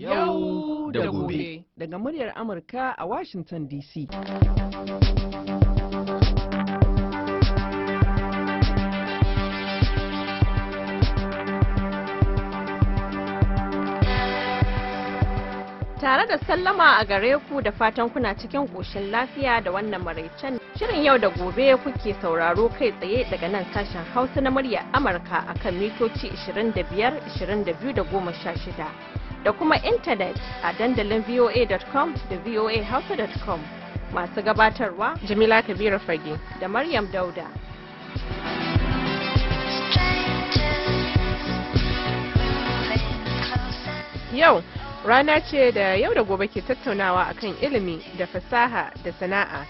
yau da gobe daga muryar amurka a washington dc tare da sallama a gare ku da fatan kuna cikin ƙoshin lafiya da wannan maraicen shirin yau da gobe kuke sauraro kai tsaye daga nan sashen hausa na murya amurka akan mitoci 25 22 da 16 da kuma intanet a dandalin voa.com da voahausa.com masu gabatarwa Jamila Kabiru Fage da Maryam Dauda. Yau rana ce da yau da gobe ke tattaunawa a kan ilimi da fasaha da sana'a.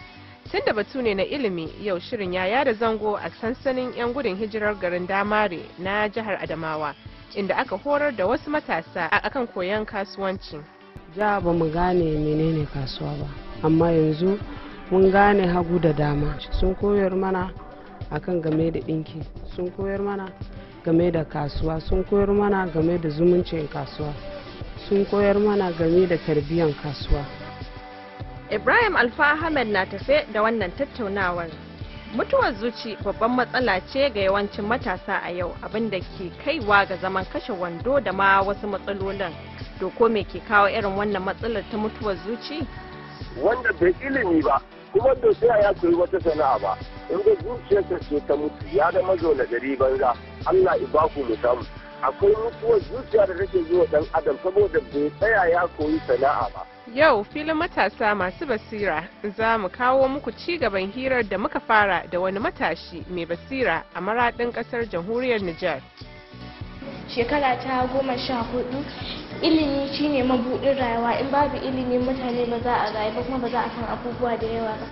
Tun da batu ne na ilimi yau shirin yaya da zango a sansanin 'yan gudun hijirar garin Damare na jihar Adamawa. inda aka horar da wasu matasa akan koyon kasuwanci. Ja ba mu gane menene kasuwa ba, amma yanzu mun gane hagu da dama. Sun koyar mana akan game da ɗinki, sun koyar mana game da kasuwa, sun koyar mana game da zumuncin kasuwa, sun koyar mana game da tarbiyyar kasuwa. Ibrahim Alfa Ahmed na tafe da wannan tattaunawar. mutuwar zuci babban matsala ce ga yawancin matasa a yau abinda ke kaiwa ga zaman kashe wando da ma wasu matsalolin doko me ke kawo irin wannan matsalar ta mutuwar zuci wanda bai ilimi ba kuma da sai ya koyi wata sana'a ba in ga zuciyarsa ce ta mutu ya da na gari banza Allah ibaku mu samu akwai mutuwar zuciya da take zuwa dan adam saboda bai tsaya ya koyi sana'a ba Yau filin matasa masu basira za mu kawo muku ci gaban hirar da muka fara da wani matashi mai basira a maradin kasar jamhuriyar Nijar. Shekara ta goma sha hudu ilimi shine mabudin rayuwa in babu ilimi mutane ba za a rayu ba kuma ba za a san abubuwa da yawa ba.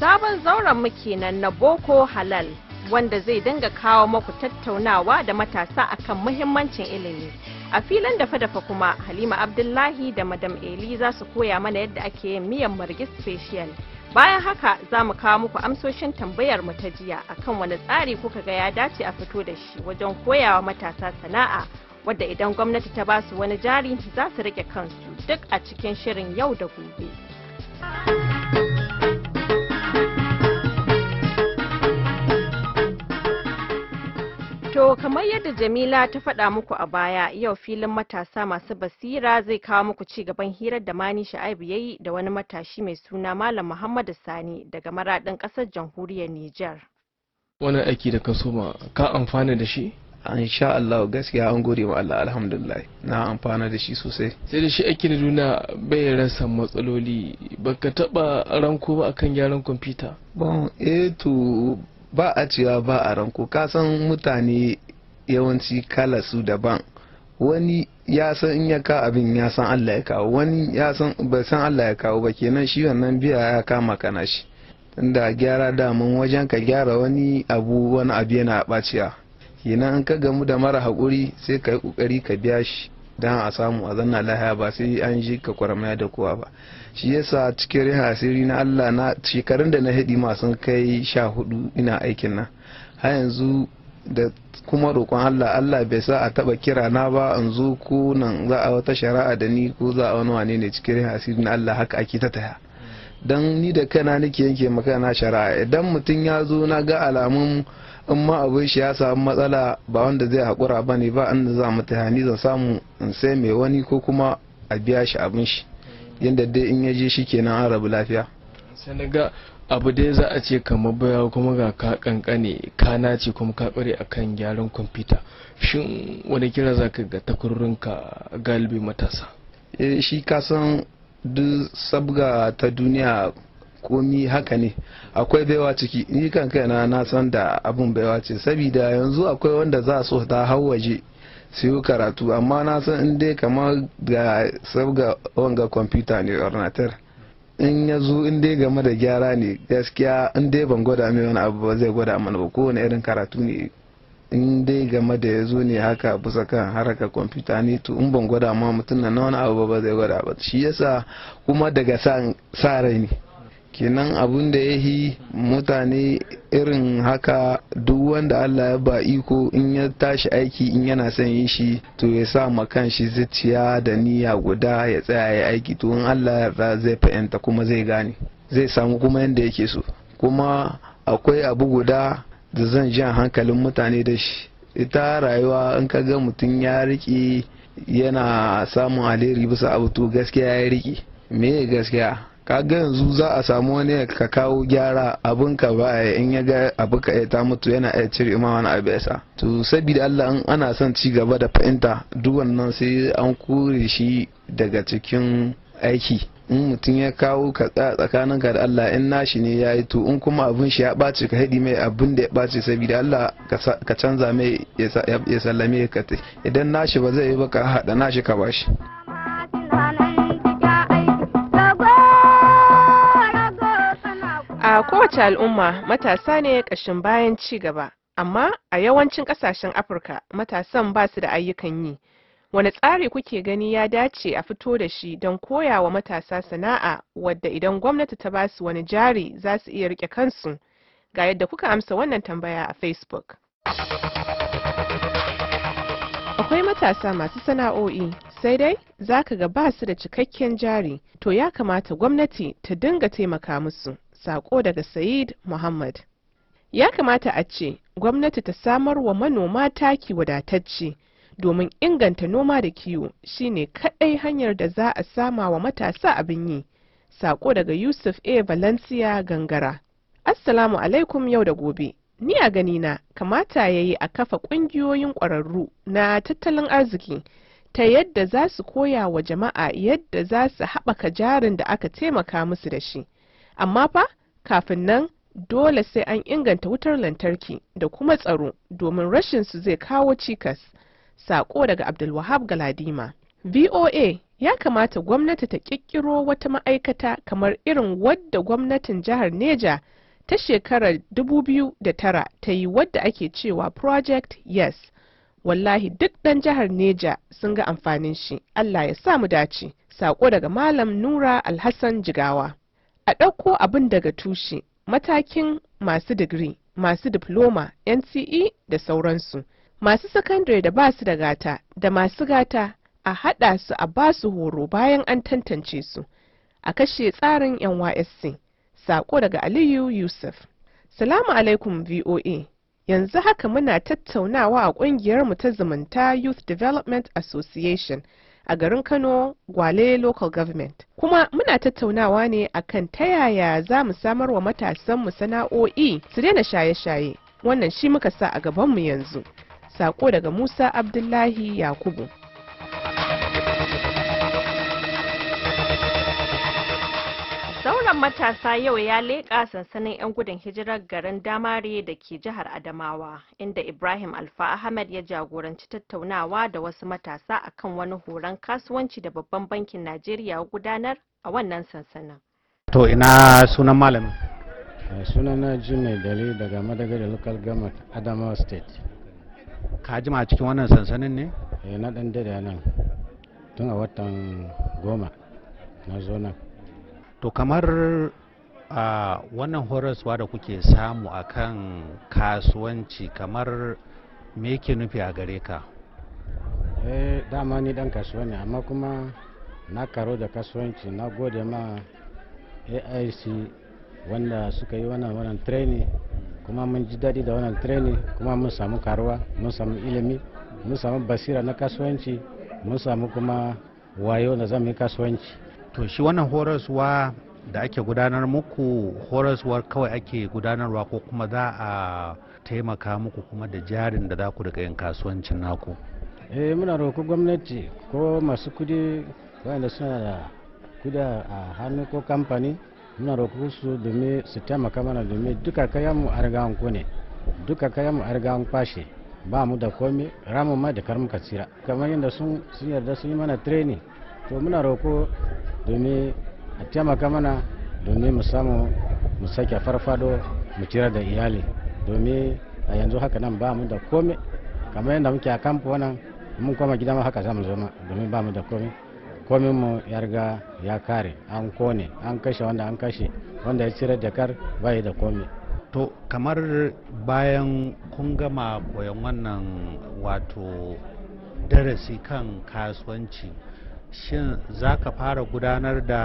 Sabon zauren mu kenan na Boko Halal wanda zai dinga kawo muku tattaunawa da matasa akan muhimmancin ilimi. a filin dafa-dafa kuma halima abdullahi da madam eli za su koya mana yadda ake yin miyan margis special bayan haka za mu kawo muku amsoshin tambayar mu ta jiya akan wani tsari kuka ga ya dace a fito da shi wajen koyawa matasa sana'a wadda idan gwamnati ta basu wani jari za su rike kansu duk a cikin shirin yau da gobe. To kamar yadda Jamila ta faɗa muku a baya yau filin matasa masu basira zai kawo muku ci gaban hirar da Mani ya yi da wani matashi mai suna Malam Muhammadu Sani daga maradin ƙasar jamhuriyar Nijar. Wani aiki da ka soma ka amfana da shi? an sha Allah gaskiya an gode wa Allah alhamdulillah na amfana da shi sosai sai da shi da duna bai rasa matsaloli baka taba ranko ba akan gyaran kwamfuta bon eh to ba a cewa ba a ranko kasan mutane yawanci kala su daban wani ya san in ya ka abin ya san Allah ya kawo wani ya san ba san Allah ya kawo ba kenan shi wannan biya ya kama kana shi tunda gyara damun wajen ka gyara wani abu wani abu yana baciya kenan an ka gamu da mara hakuri sai ka yi ƙoƙari ka biya shi don a samu a zanna lahiya ba sai an ji ka kwarmaya da kowa ba shi yasa cikin rihasiri na Allah na shekarun da na haɗi masu kai sha hudu ina aikin nan har yanzu da kuma roƙon Allah Allah bai sa a taba kira na ba in zo ko nan za a wata shari'a da ni ko za a wani wane ne cikin rihasiri na Allah haka ake ta taya don ni da kana nake yanke maka na shari'a idan mutum ya zo na ga alamun in ma abin shi ya samu matsala ba wanda zai haƙura ba ne ba inda za mu ta zan samu in sai mai wani ko kuma a biya shi abin shi yadda dai in ya je shi kenan an rabu lafiya sanaga abu dai za a ce kamar baya kuma ga ka kankane ka nace kuma ka kware kan gyaran kwamfuta shin wani kira za ka ga takwarorinka galibi matasa eh, shi ka san duk sabga ta duniya komi haka ne akwai baiwa ciki ni kan na san da abin baiwa ce sabida yanzu akwai wanda za su ta hau waje su yi karatu amma na san in dai kamar ga ga wanga kwamfuta ne ornatar in ya zo in dai game da gyara ne gaskiya in dai ban gwada mai wani abu ba zai gwada mana ba kowane irin karatu ne in dai game da ya zo ne haka bisa kan haraka kwamfuta ne to in ban gwada ma mutum na wani abu ba zai gwada ba shi yasa kuma daga sa rai ne kenan abun da ya yi mutane irin haka duk wanda allah ya ba iko in ya tashi aiki in yana son yin shi to ya sa ma kan shi zuciya da niyya guda ya tsaya ya aiki to in allah yarda zai fahimta kuma zai gane zai samu kuma yadda yake so kuma akwai abu guda da zan jan hankalin mutane da shi ita rayuwa in ka ga mutum ya riƙe yana samun alheri bisa abu to gaskiya ya riƙe me gaskiya ka ga yanzu za a samu wani ka kawo gyara abin ka ba in ya ga abu ka ta mutu yana iya cire ma wani abu ya sa to saboda Allah in ana son ci gaba da fahimta duk wannan sai an kore shi daga cikin aiki in mutum ya kawo ka tsakanin ka da Allah in nashi ne ya yi to in kuma abin shi ya ɓaci ka haɗi mai abin da ya ɓaci saboda Allah ka canza mai ya sallame ka idan nashi ba zai yi ba ka haɗa nashi ka bashi. A kowace al'umma matasa ne ƙashin bayan ci gaba, amma a yawancin ƙasashen Afirka matasan ba su da ayyukan yi. Wani tsari kuke gani ya dace a fito da shi don koya wa matasa sana'a wadda idan gwamnati ta ba su wani jari za su iya rike kansu? Ga yadda kuka amsa wannan tambaya a Facebook. Akwai matasa masu sana'o'i sai dai za ka ga ba su da cikakken jari, to ya kamata gwamnati ta dinga taimaka musu. Sako daga Said Muhammad. Ya kamata a ce gwamnati ta samar wa manoma taki wadatacce domin inganta noma da kiwo shine kaɗai hanyar da za a sama wa matasa abin yi. Sako daga Yusuf A. Valencia Gangara. Assalamu alaikum yau da gobe. Ni a ganina kamata ya yi a kafa ƙungiyoyin ƙwararru na tattalin arziki ta yadda za su koya wa jama'a yadda za su haɓaka jarin da aka taimaka musu da shi. amma fa kafin nan dole sai an inganta wutar lantarki da kuma tsaro domin rashin su zai kawo cikas sako daga abdulwahab galadima voa ya kamata gwamnati ta kikkiro wata ma'aikata kamar irin wadda gwamnatin jihar neja ta shekarar 2009 ta yi wadda ake cewa project yes wallahi duk dan jihar neja sun ga amfanin shi allah ya samu dace sako daga malam nura alhassan jigawa a ɗauko abin daga tushe matakin masu digiri masu diploma nce da sauransu masu sakandare da basu da gata da masu gata a haɗa su a basu horo bayan an tantance su a kashe tsarin nysc sako daga aliyu yusuf salamu alaikum voa yanzu haka muna tattaunawa a ƙungiyarmu ta zumunta youth development association a garin Kano Gwale Local Government. Kuma muna tattaunawa ne akan ta yaya za mu samar wa matasan mu sana'o'i su daina shaye-shaye. Wannan shi muka sa a gabanmu yanzu. Sako daga Musa Abdullahi Yakubu. Shirin matasa yau ya leƙa sansanin 'yan gudun hijirar garin Damare da ke jihar Adamawa, inda Ibrahim Alfa Ahmed ya jagoranci tattaunawa da wasu matasa akan wani horon kasuwanci da babban bankin Najeriya gudanar a wannan sansanin. To ina sunan na ji mai Dali daga madagari Local Government Adamawa State. Ka jima cikin wannan sansanin ne? Eh, na ɗan dada nan tun a watan goma na zo nan. to kamar a wannan horaswa da kuke samu a kan kasuwanci kamar me yake nufi a gare ka eh dama ni dan kasuwa ne amma kuma na karo da kasuwanci na gode ma aic wanda suka yi wannan wannan training kuma mun ji daɗi da wannan training kuma mun samu karuwa mun samu ilimi mun samu basira na kasuwanci mun samu kuma wayo na zama kasuwanci to shi wannan horaswa da ake gudanar muku horaswar kawai ake gudanarwa ko kuma za a taimaka muku kuma da jarin da za ku daga yin kasuwancin naku eh muna roƙo gwamnati ko masu kudi wanda suna da kuda a hannu ko kamfani muna roƙo su domin su taimaka mana domin duka kayan mu a ne duka kayan mu a kwashe ba mu da komi ramu ma da kar tsira kamar yadda sun yarda sun yi mana training to muna roƙo domin a taimaka mana domin mu samu mu sake farfado mu cira da iyali domin a yanzu haka nan ba mu da komai kamar yadda muke a kamfa wannan mun koma gida ma haka zamu zama domin ba mu da komai komai mu ya riga ya kare an kone an kashe wanda an kashe wanda ya cire jakar yi da komai to kamar bayan kun gama koyon wannan wato darasi kan kasuwanci shin za ka fara gudanar da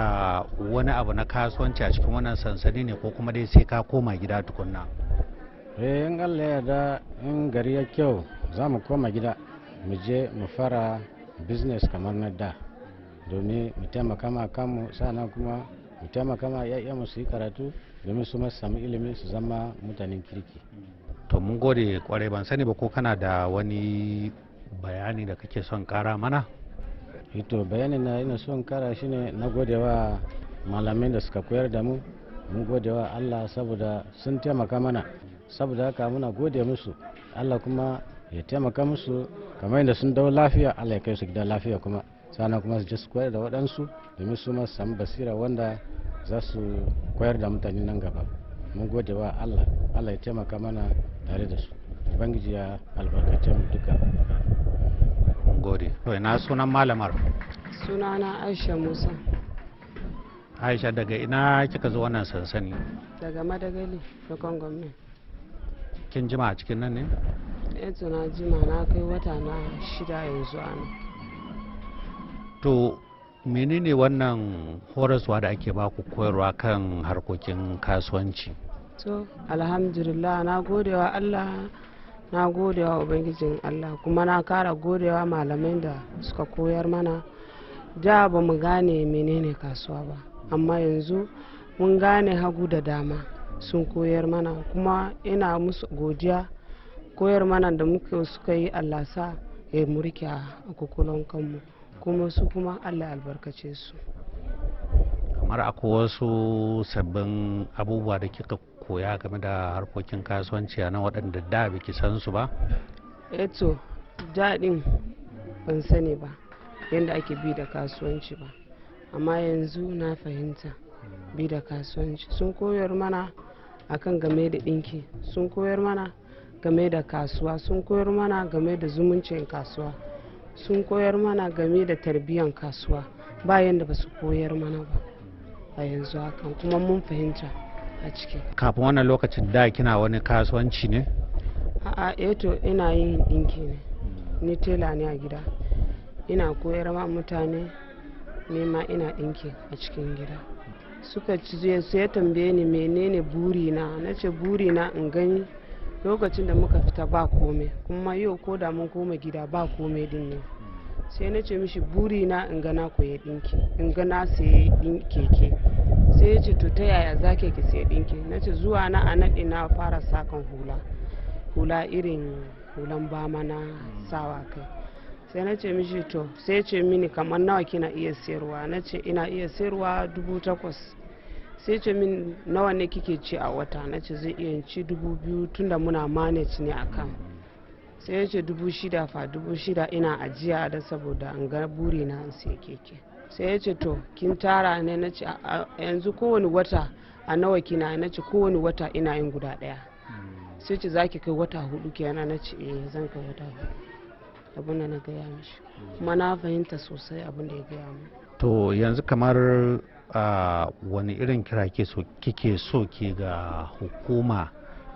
wani abu na kasuwanci a cikin wannan sansani ne ko kuma dai sai ka koma gida tukunna eh in allah da in gari ya kyau za mu koma gida mu je mu fara business kamar na da domin mu taimaka ma kanmu sannan kuma mu taimaka ma ya'yanmu su yi karatu domin su masu samu ilimi su zama mutanen kirki to mun gode kwarai ban sani ba ko kana da wani bayani da kake son kara mana fito eh bayanin na ina son kara shi ne na godewa malamai da suka koyar da mu mun godewa allah saboda sun taimaka mana saboda haka muna gode musu allah kuma ya taimaka musu kamar yadda sun dau lafiya allah ya kai su gida lafiya kuma sannan kuma su su koyar da waɗansu domin su masu samu basira wanda za su koyar da mutane nan gaba mun gode wa allah allah ya taimaka mana tare da su ubangiji ya albarkace mu duka gode to ina sunan malamar sunana aisha musa aisha daga ina kika zo wannan sansani daga madagali rukon gwamnati kin jima a cikin nan ne yanzu eh, na jima na kai wata na shida yanzu a nan to menene wannan horaswa da ake baku koyarwa kan harkokin kasuwanci to alhamdulillah na gode wa allah na godewa ubangijin allah kuma na kara godewa malamai da suka koyar mana da ba mu gane menene kasuwa ba amma yanzu mun gane hagu da dama sun koyar mana kuma ina musu godiya koyar mana da muke suka yi allah sa ya murke a kukulon kanmu kuma su kuma allah albarkace su kamar akwai wasu sabbin abubuwa da kika koya game da harkokin kasuwanci a nan waɗanda da biki san su ba eto eh daɗin ban sani ba yadda ake bi da kasuwanci ba amma yanzu na fahimta hmm. bi da kasuwanci sun koyar mana akan game da ɗinki sun koyar mana game da kasuwa sun koyar mana game da zumuncin kasuwa sun koyar mana game da tarbiyyar kasuwa ba yadda ba su koyar mana ba a yanzu hakan kuma mun fahimta a ciki kafin wannan lokacin da kina wani kasuwanci ne a'a eto eh ina yin ɗinki ne ni tela ne a gida ina koyar ma mutane ma ina ɗinki a cikin gida suka ci su ya tambaye ni menene burina na ce burina in gani lokacin da muka fita ba komai kuma yau ko da mun koma gida ba komai din ne sai na ce mishi burina in gana na koya ɗinki in gana na saye keke sai ya ce to ta yaya za ki sai ɗinki na ce zuwa na a naɗi na fara sakan hula hula irin hulan bama na sawa kai sai na ce mishi to sai ce mini kamar nawa kina iya sayarwa na ce ina iya sayarwa dubu takwas sai ce min nawa ne kike ci a wata na ce zai iya ci dubu biyu tunda muna manage ne akan sai ya ce dubu shida fa dubu shida ina ajiya da saboda an ga burina in sai keke sai ya ce to kin tara ne na ce yanzu kowane wata a nawa kina na ce kowane wata ina yin guda daya sai ce zaki kai wata hudu kenan na ce eh zan kai wata hudu abin da na gaya mishi kuma na fahimta sosai abin da ya gaya mu to yanzu kamar ah, wani irin kira ke so kike so ke ga hukuma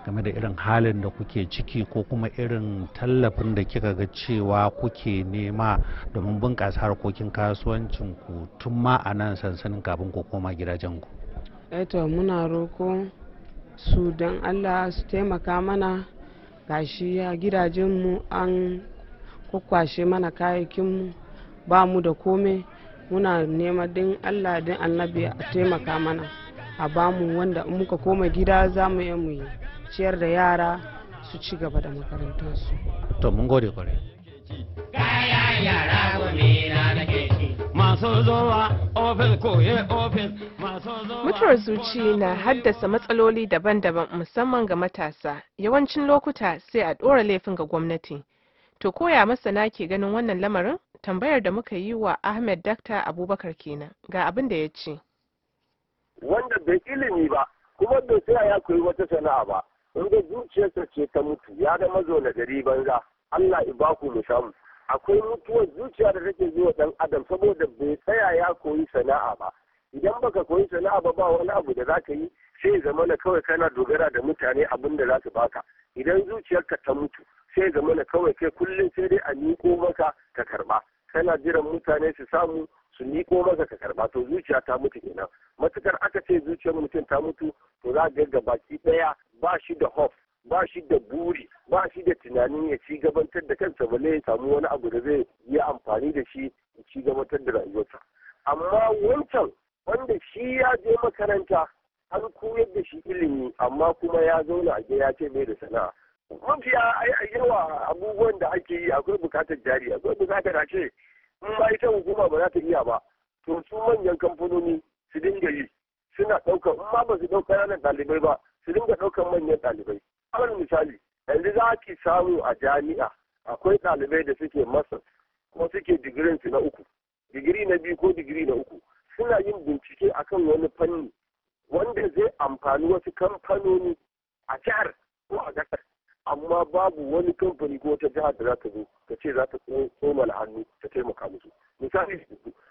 game da irin halin da kuke ciki ko kuma irin tallafin da kika ga cewa kuke nema domin bunƙasa harkokin kasuwancin ku tun ma a nan sansanin kafin ku koma gidajen ku eto eh muna roko su don allah su taimaka mana gashi a gidajenmu an kwakwashe mana kayayyakinmu ba mu da kome muna nema din allah din annabi a taimaka mana a bamu wanda in muka koma gida za mu yi ciyar da yara su ci gaba da makarantarsu to mun gode kwarai mutuwar zuci na haddasa matsaloli daban-daban musamman ga matasa yawancin lokuta sai a ɗora laifin ga gwamnati to koya masana ke ganin wannan lamarin tambayar da muka yi wa ahmed dakta abubakar kenan ga abin da ya ce wanda bai ilimi ba kuma bai sai ya koyi wata sana'a ba inda zuciyarsa ce ta mutu ya da na gari banza Allah ibaku mu samu akwai mutuwar zuciya da take zuwa dan adam saboda bai tsaya ya koyi sana'a ba idan baka koyi sana'a ba ba wani abu da zaka yi sai zama na kawai kana dogara da mutane abin da za su baka idan zuciyarka ta mutu sai zama na kawai kai kullum sai dai a miko maka ka karba kana jiran mutane su samu su ko maka ka karba to zuciya ta mutu kenan matukar aka ce zuciyar mutum ta mutu to za ga ga baki ɗaya ba shi da hof ba shi da buri ba shi da tunanin ya ci gabatar da kansa ne ya samu wani abu da zai yi amfani da shi ya ci gabatar da rayuwarsa amma wancan wanda shi ya je makaranta an koyar da shi ilimi amma kuma ya zauna a gida ya ce mai da sana'a mafiya yawa abubuwan da ake yi akwai bukatar jari akwai bukatar a ce in kuma ita hukuma ba za ta iya ba to su manyan kamfanoni su dinga yi suna ɗaukar in ba su ɗauka ranar ɗalibai ba su dinga ɗaukar manyan ɗalibai abin misali yanzu za ki samu a jami'a akwai ɗalibai da suke masa ko suke digirin su na uku digiri na biyu ko digiri na uku suna yin bincike akan wani fanni wanda zai amfani wasu kamfanoni a jihar ko a gasar amma babu wani kamfani ko wata jihar da za ta zo ta ce za ta tsoma hannu ta taimaka musu misali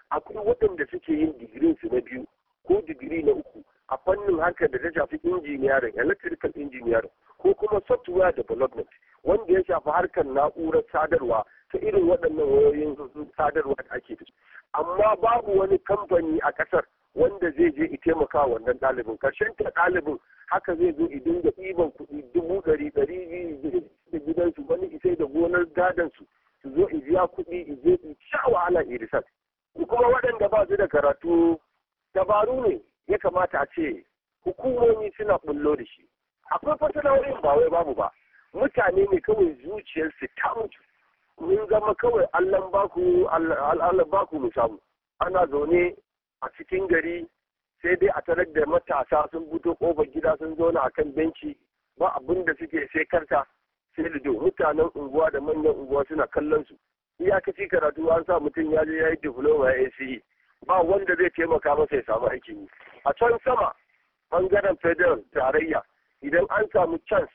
akwai waɗanda suke yin digirin su na biyu ko digiri na uku a fannin harkar da ta shafi injiniyarin electrical engineering ko kuma software development wanda ya shafi harkar na'urar sadarwa ta irin waɗannan wayoyin sadarwa da ake da su amma babu wani kamfani a ƙasar wanda zai je i taimaka wannan ɗalibin karshen ta ɗalibin haka zai zo idan da ɗiban kuɗi dubu ɗari ɗari biyu da gidansu wani isai da gonar gadansu su zo in biya kuɗi in je in sha wahala i risat kuma waɗanda ba su da karatu dabaru ne ya kamata a ce hukumomi suna bullo da shi akwai fasalawarin ba wai babu ba mutane ne kawai zuciyarsu ta mutu mun zama kawai allan baku allan mu samu ana zaune a cikin gari sai dai a tarar da matasa sun buto kofar gida sun zauna akan benci ba abin da suke sai karta sai lido mutanen unguwa da manyan unguwa suna kallon su iyakaci karatu an sa mutum ya je ya yi diploma ya ACE ba wanda zai taimaka masa ya samu aikin yi a can sama bangaren federal tarayya idan an samu chance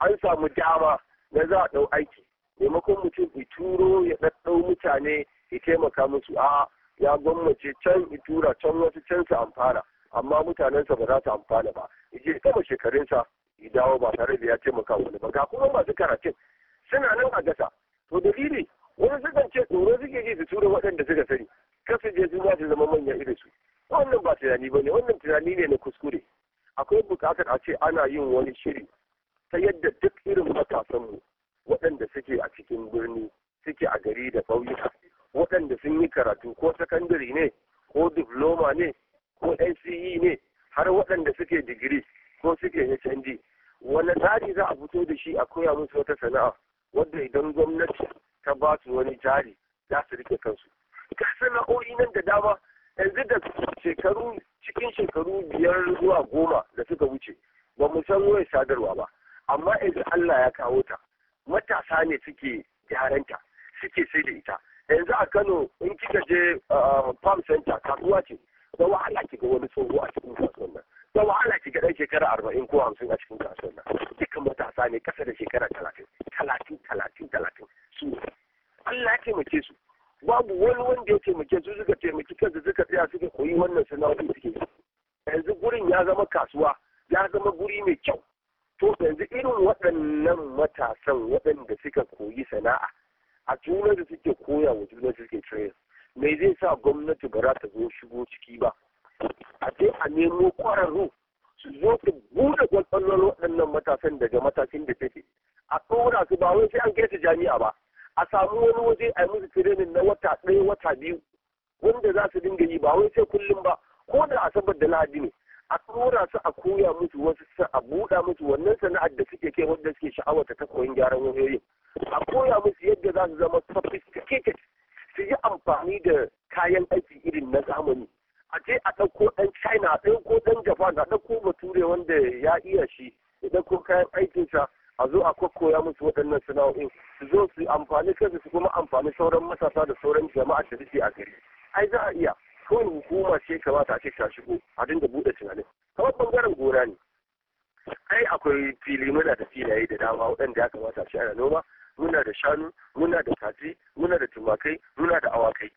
an samu dama na za a ɗau aiki maimakon mutum ya turo ya ɗaɗɗau mutane ya taimaka musu a'a ya gwammace can tura can wasu can su amfana amma mutanensa ba za su amfana ba ya gama shekarunsa ya dawo ba tare da ya taimaka wani ba ga kuma masu karatun suna nan a gasa to dalili wani sukan ce tsoro suke ji su tura waɗanda suka sani kasu je su za su zama manyan irin su wannan ba tunani ba ne wannan tunani ne na kuskure akwai buƙatar a ce ana yin wani shiri ta yadda duk irin matasanmu waɗanda suke a cikin birni suke a gari da ƙauyuka waɗanda sun yi karatu ko sakandare ne ko diploma ne ko nce ne har waɗanda suke digiri ko suke hnd wani tsari za a fito da shi a koya musu wata sana'a wadda idan gwamnati ta ba su wani jari za su rike kansu ga sana'o'i nan da dama yanzu da shekaru cikin shekaru biyar zuwa goma da suka wuce ba mu san wayar sadarwa ba amma yanzu Allah ya kawo ta matasa ne suke gyaranta suke sai da ita yanzu a kano in kika je farm center kasuwa ce da wahala ki ga wani tsoho a cikin kasuwan nan da wahala ki ga dan shekara arba'in ko hamsin a cikin kasuwan nan dukkan matasa ne kasa da shekara talatin talatin talatin talatin su Allah ya taimake su babu wani wanda ya taimake su suka taimaki kansu suka tsaya suka koyi wannan sana'o'i suke yanzu gurin ya zama kasuwa ya zama guri mai kyau to yanzu irin waɗannan matasan waɗanda suka koyi sana'a a juna da suke koya wa juna suke tsaye me zai sa gwamnati ba za ta zo shigo ciki ba a je a nemo kwararru su zo su bude gwalɓallon waɗannan matasan daga matakin da take a ɗora su ba wai sai an kai su jami'a ba a samu wani waje a yi musu training na wata ɗaya wata biyu wanda za su dinga yi ba wai sai kullum ba ko da asabar da lahadi ne a ɗora su a koya musu wasu a buɗa musu wannan sana'ar da suke kai wanda suke sha'awata ta koyon gyaran wayoyin a koya musu yadda za su zama sophisticated su yi amfani da kayan aiki irin na zamani a je a ɗauko ɗan china a ɗauko ɗan japan a ɗauko bature wanda ya iya shi ya ɗauko kayan aikinsa a zo a koya musu waɗannan sana'o'in su zo su amfani kansu su kuma amfani sauran matasa da sauran jama'a da suke a gari ai za a iya kawai hukuma ce kamata a ce ta shigo a dinga buɗe tunanin kamar ɓangaren gona ne ai akwai fili muna da filaye da dama waɗanda ya kamata a ce ana noma muna da shanu muna da kaji muna da tumakai muna da awakai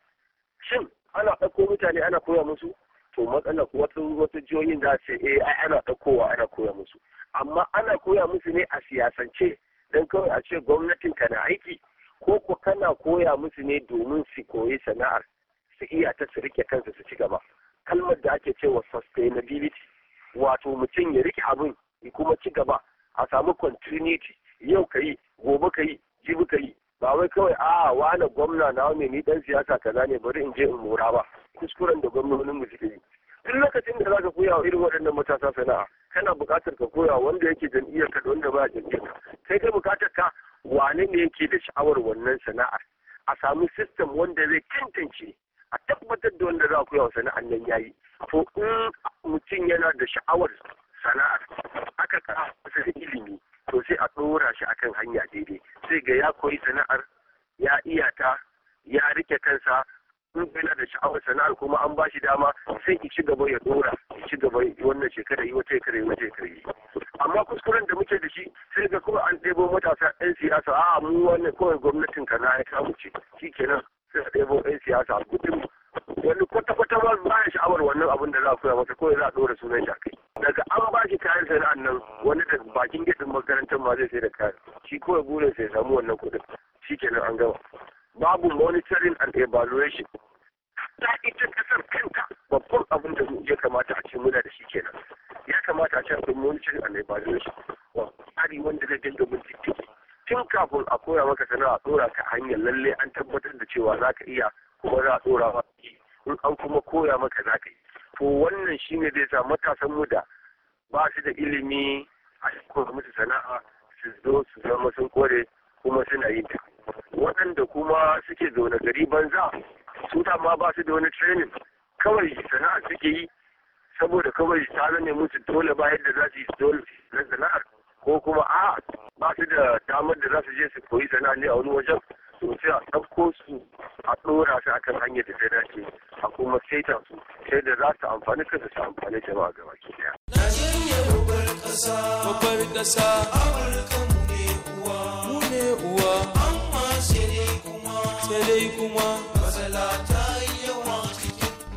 shin ana ɗauko mutane ana koya musu to matsala wasu wata jihohin za ce eh ai ana ɗaukowa ana koya musu amma ana koya musu ne a siyasance don kawai a ce gwamnatin ka na aiki ko ko kana koya musu ne domin su koyi sana'ar su iya ta su rike kansu su ci gaba kalmar da ake cewa sustainability wato mutum ya rike abin ya kuma ci gaba a samu continuity yau ka yi gobe ka yi jibi ka yi ba wai kawai a wani gwamna na wani ni dan siyasa kaza ne bari in je in mora ba kuskuren da gwamnonin mu suke yi duk lokacin da zaka koya wa irin waɗannan matasa sana'a kana buƙatar ka koya wanda yake jam'iyyar ka da wanda ba jam'iyyar ka kai ka buƙatar ka wane ne yake da sha'awar wannan sana'ar a samu system wanda zai tantance a tabbatar da wanda za a koya wa sana'ar nan yayi ko in mutum yana da sha'awar sana'ar aka kara masa ilimi to sai a ɗora shi akan hanya daidai sai ga ya koyi sana'ar ya iyata ya rike kansa in yana da sha'awar sana'ar kuma an ba shi dama sai ki ci gaba ya dora ki ci gaba wannan shekara yi wata shekara yi wata shekara yi amma kuskuren da muke da shi sai ga kuma an ɗebo matasa 'yan siyasa a mu wannan kawai gwamnatin ka na ya kamu ce kenan sai a ɗebo ɗan siyasa gudun wani kwata-kwata ba ba ya sha'awar wannan abin da za a koya masa ko za a ɗora sunan shi a kai daga an ba shi kayan sana'an nan wani da bakin gidan makarantar ma zai sai da kayan shi kawai burin sai samu wannan kuɗin shi kenan an gama babu monitoring and evaluation ta ita kasar kanta babban abin da ya kamata a ce muna da shi kenan ya kamata a ce akwai monitoring and evaluation wa tsari wanda zai dinga bincike tun kafin a koya maka sana'a a dora ka hanyar lalle an tabbatar da cewa za ka iya kuma za a dora ma in an kuma koya maka za ka yi to wannan shine zai sa matasan mu da ba su da ilimi a koya musu sana'a su zo su zama sun kore kuma suna yin ta waɗanda kuma suke zaune gari banza su ma ba su da wani training kawai sana'a suke yi saboda kawai ta zane musu dole ba yadda za su yi dole na sana'ar ko kuma a ba su da damar da za su je su koyi sana'a ne a wani wajen to sai a ɗauko su a ɗora su akan hanyar da ta dace a kuma saita su sai da za su amfani kansu su amfani jama'a gaba ki daya. Najeriya babbar ƙasa, babbar ƙasa, Amurka mu ne uwa, mu uwa, amma sai dai kuma,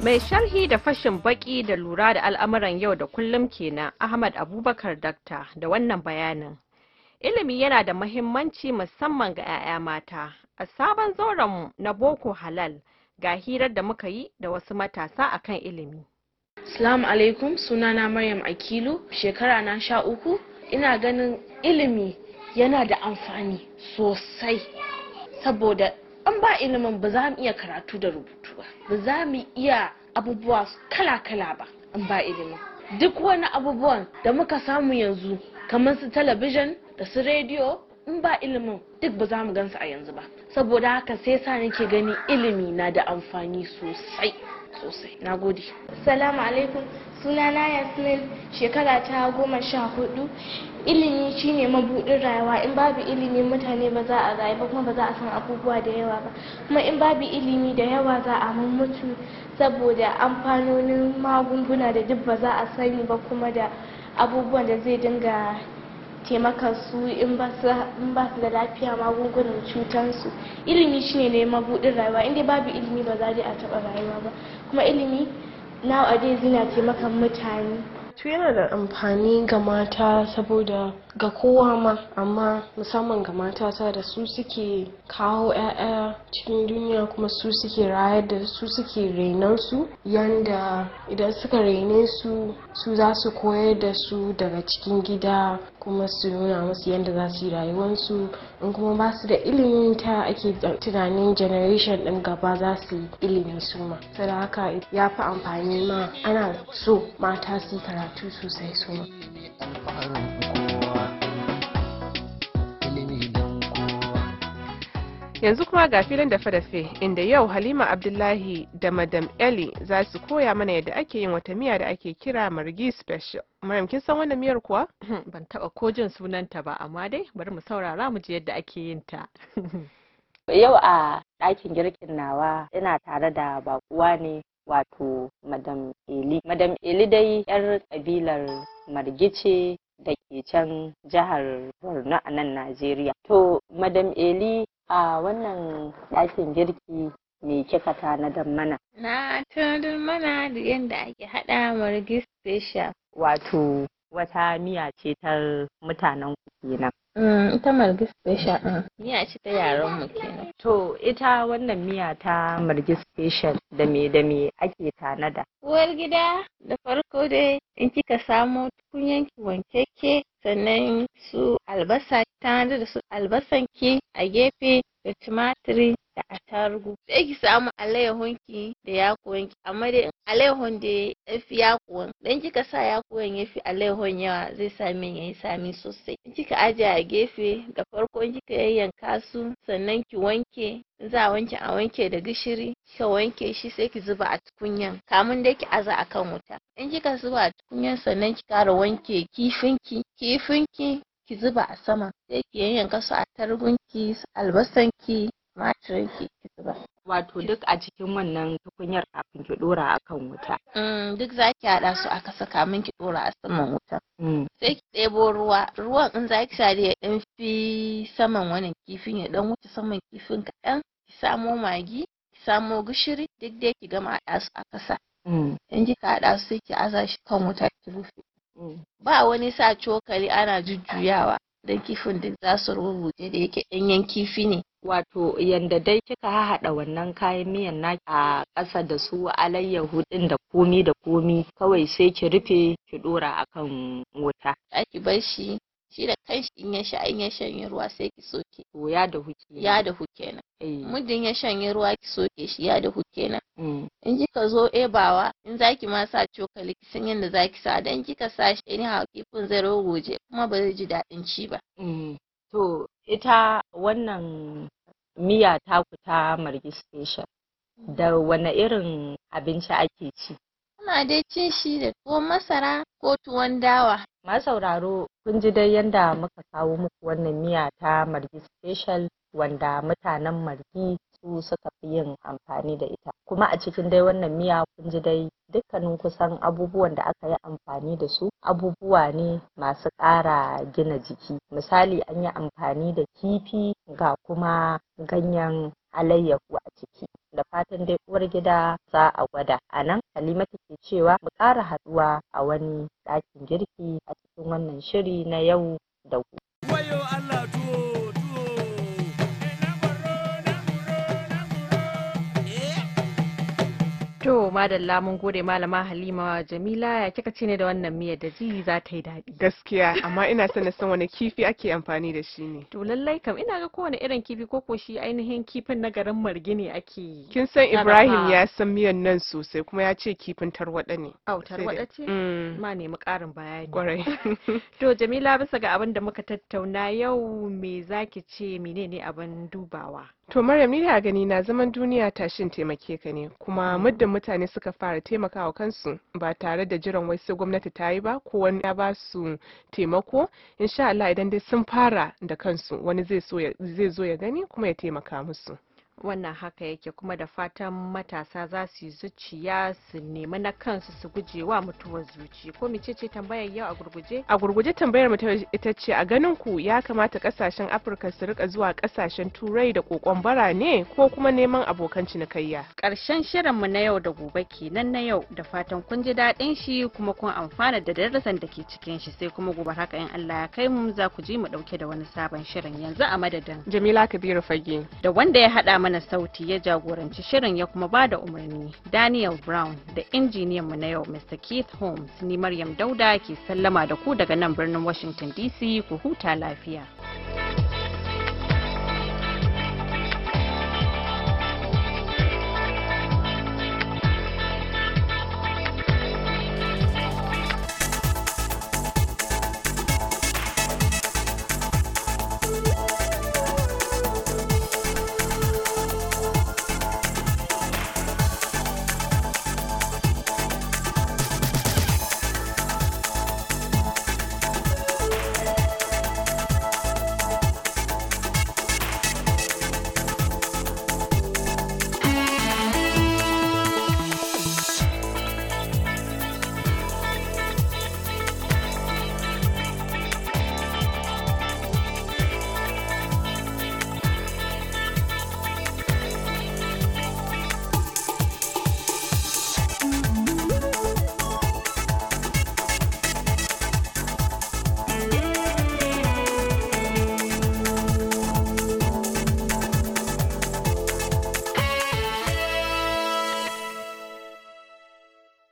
mai sharhi da fashin baki da lura da al'amuran yau da kullum kenan ahmad abubakar dakta da wannan bayanin ilimi yana da mahimmanci musamman ga 'ya'ya mata a sabon zauren na boko halal ga hirar da muka yi da wasu matasa akan ilimi Salamu alaikum sunana Maryam Akilu shekara na sha uku ina ganin ilimi yana da amfani sosai saboda an ba ilimin ba za mu iya karatu da rubutu ba ba za mu iya abubuwa kala-kala ba in ba ilimin duk wani abubuwan da muka samu yanzu kamar su talabijin da su rediyo in ba ilimin duk ba za mu gansu a yanzu ba saboda haka sai sa nake gani ilimi na da amfani sosai sosai na gode salamu alaikum suna na yasmin shekara ta goma sha hudu ilimi shine mabudin rayuwa in babu ilimi mutane ba za a rayu ba kuma ba za a san abubuwa da yawa ba kuma in babu ilimi da yawa za a mutu saboda amfanonin magunguna da duk ba za a sani ba kuma da abubuwan da zai dinga taimakon su in ba su da lafiya magungunan cutansu ilimi shine ne mabuɗin rayuwa inda babu ilimi ba za a taɓa rayuwa ba kuma ilimi nowadays yana taimakon mutane yana da amfani ga mata saboda ga kowa ma amma musamman ga matasa da su suke kawo 'ya'ya cikin duniya kuma su suke rayar da su suke renon su yanda idan suka rene su su za su koyar da su daga cikin gida kuma su nuna musu yadda za su yi rayuwarsu in kuma ba su da ilimin ta ake tunanin generation din gaba za su yi ilimi su ma saboda haka ya fi amfani ma ana so mata su karatu sosai su ma yanzu kuma ga filin da dafe inda yau halima abdullahi da madam eli za su koya mana yadda ake yin wata miya da ake kira margi special maryam kin san wannan miyar kuwa hmm, ban taba ko jin sunanta ba amma dai bari mu saurara mu ji yadda ake yin ta yau a ɗakin girkin nawa ina tare da bakuwa ne wato madam eli madam eli dai yar kabilar margice da ke can jihar borno a nan najeriya to madam eli a wannan ɗakin girki me kika na mana na tanadar mana da yadda ake haɗa margis special wato wata miya ce ta mutanen ku kenan Mm, ita margis special ɗin miya ce ta yaren mu kenan to ita wannan miya ta margis special da me da me ake tanada uwar gida da farko dai in kika samo tukunyanki wankeke sannan su albasa tanada da su Albasan ki a gefe da tumatiri da atarugu. sai ki samu ki da ki amma dai alayyahun da ya fi yakuwan dan kika sa yakuwan ya fi alayyahun yawa zai sa min yayi sami sosai kika aje a gefe da farko kika yayyanka su sannan ki wanke in za a wanke a wanke da gishiri kika wanke shi sai ki zuba a tukunyan kamun dai ki aza a kan wuta in kika zuba a tukunyan sannan ki kara wanke kifinki kifinki ki zuba a sama sai ki yayyanka su a targunki albasanki matirinki ki zuba wato duk a cikin wannan tukunyar kafin ki dora akan wuta mm, duk za ki haɗa su aka saka min ki dora a saman wuta mm. sai ki ɗebo ruwa ruwan in za ki share ya ɗan fi saman wannan kifin ya ɗan wuce saman kifin kaɗan ki samo magi ki samo gishiri duk dai ki gama haɗa su a sa. Mm. in kika haɗa su sai ki aza shi kan wuta ki rufe ba wani sa cokali ana jujjuyawa don kifin duk za su rubuce da yake ɗanyen kifi ne wato yanda dai kika hahaɗa wannan kayan miyan na a ƙasa da su alayyahu ɗin da komi da komi kawai sai ki rufe ki ɗora akan wuta ki bar shi shi da kanshi in ya sha in ya shanye ruwa sai ki soke to ya da huke ya da huke na eh. muddin ya shanye ruwa ki soke shi ya da huke na. Mm. in kika zo ebawa in zaki ma sa cokali ki san yadda zaki sa dan kika sa shi anyhow kifin zai rogoje kuma ba zai ji daɗin ci ba mm. to ita wannan miya taku ta margi special da wane irin abinci ake ci ana dai cin shi da tuwon masara ko tuwon dawa ma sauraro kun ji dai yadda muka kawo muku wannan miya ta margi special wanda mutanen margi su suka fi yin amfani da ita kuma a cikin dai wannan miya kun ji dai dukkanin kusan abubuwan da aka yi amfani da su abubuwa ne masu ƙara gina jiki misali an yi amfani da kifi ga kuma ganyen alayyahu a ciki da fatan dai uwar gida za a gwada a nan halimatu ke cewa mu ƙara haɗuwa a wani ɗakin girki a cikin wannan shiri na yau da gobe. To madalla mun gode malama Halima Jamila ya kika ce ne da wannan miyar da ji za ta yi daɗi. Gaskiya amma ina son san wani kifi ake amfani da shi ne. To lallai kam ina ga kowane irin kifi ko ko shi ainihin kifin na garin margi ne ake Kin san Ibrahim ya san miyan nan sosai kuma ya ce kifin tarwaɗa ne. Au tarwaɗa ce? Mm. Ma nemi ƙarin bayani. Kwarai. to Jamila bisa ga abin da muka tattauna yau me zaki ce menene abin dubawa? to maryam ni da gani na zaman duniya tashin taimake ka ne kuma muddin mutane suka fara taimakawa kansu ba tare da jiran wai sai gwamnati ta yi ba ko wani ya ba su taimako insha'Allah idan dai sun fara da kansu wani zai zo ya gani kuma ya taimaka musu wannan haka yake kuma da fatan matasa za su yi zuciya su nemi na kansu su guje wa mutuwar zuci ko mice ce tambayar yau a gurguje a gurguje tambayar mu ita ce a ganin ku ya kamata kasashen afirka su rika zuwa kasashen turai da kokon bara ne ko kuma neman abokan cinikayya karshen shirin mu na yau da gobe kenan na yau da fatan kun ji daɗin shi kuma kun amfana da darasin da ke cikin shi sai kuma gobe haka in Allah ya kai mu za ku ji mu dauke da wani sabon shirin yanzu a madadin Jamila Kabiru Fage da wanda ya hada mana mana sauti ya jagoranci shirin ya kuma bada umarni Daniel Brown da injiniyan mu na yau Mr. Keith Holmes ni Maryam Dauda ke sallama da ku daga nan birnin Washington DC ku huta lafiya.